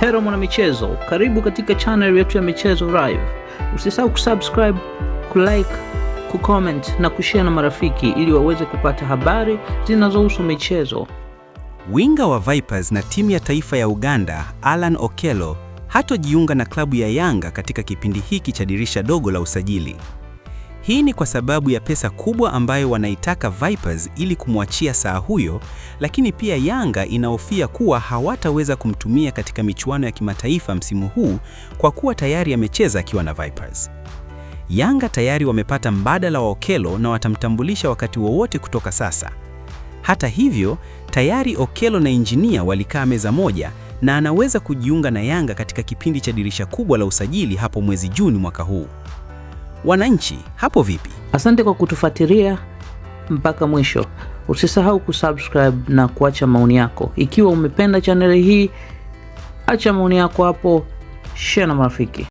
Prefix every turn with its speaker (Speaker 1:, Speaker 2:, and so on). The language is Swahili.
Speaker 1: Hero mwana michezo, karibu katika channel yetu ya Michezo Live. Usisahau kusubscribe, kulike, kucomment na kushare na marafiki ili waweze kupata habari zinazohusu michezo. Winga wa Vipers na timu ya taifa ya Uganda, Allan Okello hatojiunga na klabu ya Yanga katika kipindi hiki cha dirisha dogo la usajili. Hii ni kwa sababu ya pesa kubwa ambayo wanaitaka Vipers ili kumwachia saa huyo, lakini pia Yanga inahofia kuwa hawataweza kumtumia katika michuano ya kimataifa msimu huu kwa kuwa tayari amecheza akiwa na Vipers. Yanga tayari wamepata mbadala wa okelo na watamtambulisha wakati wowote kutoka sasa. Hata hivyo, tayari okelo na Injinia walikaa meza moja na anaweza kujiunga na Yanga katika kipindi cha dirisha kubwa la usajili hapo mwezi Juni mwaka huu. Wananchi hapo vipi?
Speaker 2: Asante kwa kutufuatilia mpaka mwisho. Usisahau kusubscribe na kuacha maoni yako. Ikiwa umependa chaneli hii, acha maoni yako hapo, share na marafiki.